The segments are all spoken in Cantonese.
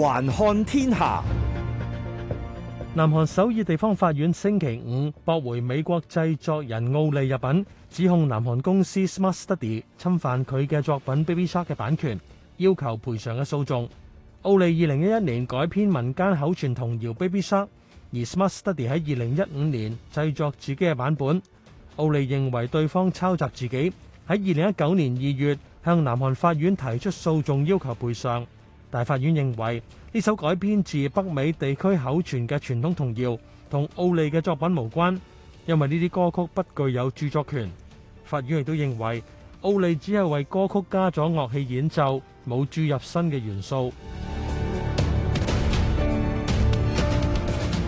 環看天下，南韓首爾地方法院星期五駁回美國製作人奧利入稟指控南韓公司 Smart Study 侵犯佢嘅作品 Baby Shark 嘅版權，要求賠償嘅訴訟。奧利二零一一年改編民間口傳童謠 Baby Shark，而 Smart Study 喺二零一五年製作自己嘅版本。奧利認為對方抄襲自己，喺二零一九年二月向南韓法院提出訴訟，要求賠償。大法院認為呢首改編自北美地區口傳嘅傳統童謠，同奧利嘅作品無關，因為呢啲歌曲不具有著作權。法院亦都認為奧利只係為歌曲加咗樂器演奏，冇注入新嘅元素。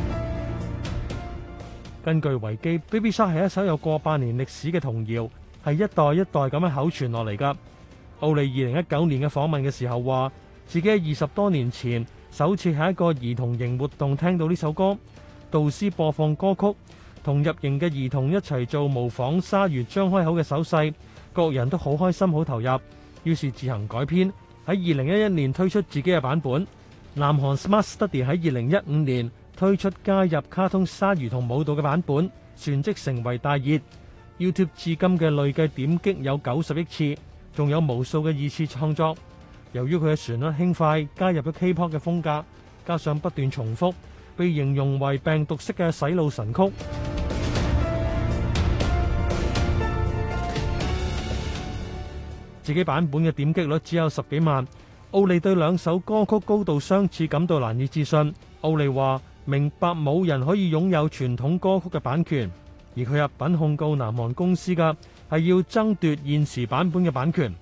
根據維基，《Baby Shark》係一首有過百年歷史嘅童謠，係一代一代咁樣口傳落嚟㗎。奧利二零一九年嘅訪問嘅時候話，自己喺二十多年前首次喺一個兒童營活動聽到呢首歌，導師播放歌曲，同入營嘅兒童一齊做模仿鯊魚張開口嘅手勢，各人都好開心好投入，於是自行改編喺二零一一年推出自己嘅版本。南韓 Smart Study 喺二零一五年推出加入卡通鯊魚同舞蹈嘅版本，旋即成為大熱。YouTube 至今嘅累計點擊有九十億次，仲有無數嘅二次創作。由於佢嘅旋律輕快，加入咗 k-pop 嘅風格，加上不斷重複，被形容為病毒式嘅洗腦神曲。 自己版本嘅點擊率只有十幾萬。奧利對兩首歌曲高度相似感到難以置信。奧利話：明白冇人可以擁有傳統歌曲嘅版權，而佢入稟控告南韓公司嘅係要爭奪現時版本嘅版權。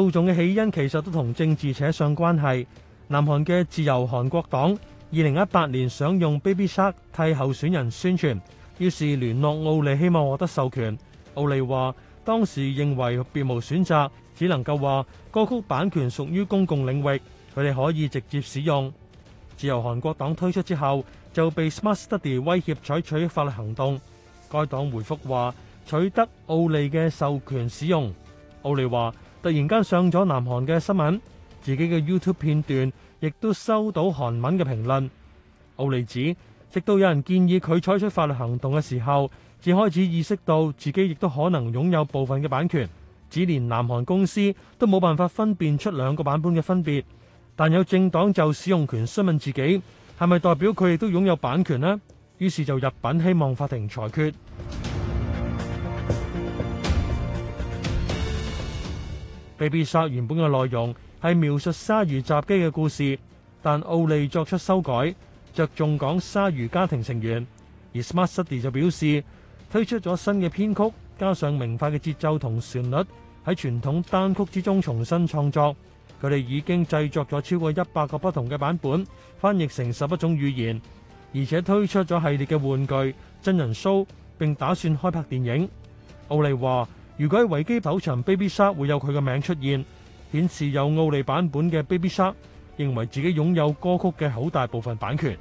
訴訟嘅起因其實都同政治扯上關係。南韓嘅自由韓國黨二零一八年想用《Baby Shark》替候選人宣傳，於是聯絡奧利，希望獲得授權。奧利話當時認為別無選擇，只能夠話歌曲版權屬於公共領域，佢哋可以直接使用。自由韓國黨推出之後就被 Smart Study 威脅採取法律行動。該黨回覆話取得奧利嘅授權使用。奧利話。突然間上咗南韓嘅新聞，自己嘅 YouTube 片段亦都收到韓文嘅評論。奧利指，直到有人建議佢採取法律行動嘅時候，至開始意識到自己亦都可能擁有部分嘅版權。只連南韓公司都冇辦法分辨出兩個版本嘅分別。但有政黨就使用權詢問自己，係咪代表佢亦都擁有版權呢？於是就入稟希望法庭裁決。《Baby Shark》原本嘅內容係描述鯊魚襲擊嘅故事，但奧利作出修改，着重講鯊魚家庭成員。而 Smart Study 就表示推出咗新嘅編曲，加上明快嘅節奏同旋律，喺傳統單曲之中重新創作。佢哋已經製作咗超過一百個不同嘅版本，翻譯成十一種語言，而且推出咗系列嘅玩具、真人 show，並打算開拍電影。奧利話：如果喺維基搜尋 Baby Shark，會有佢嘅名出現，顯示有奧利版本嘅 Baby Shark，認為自己擁有歌曲嘅好大部分版權。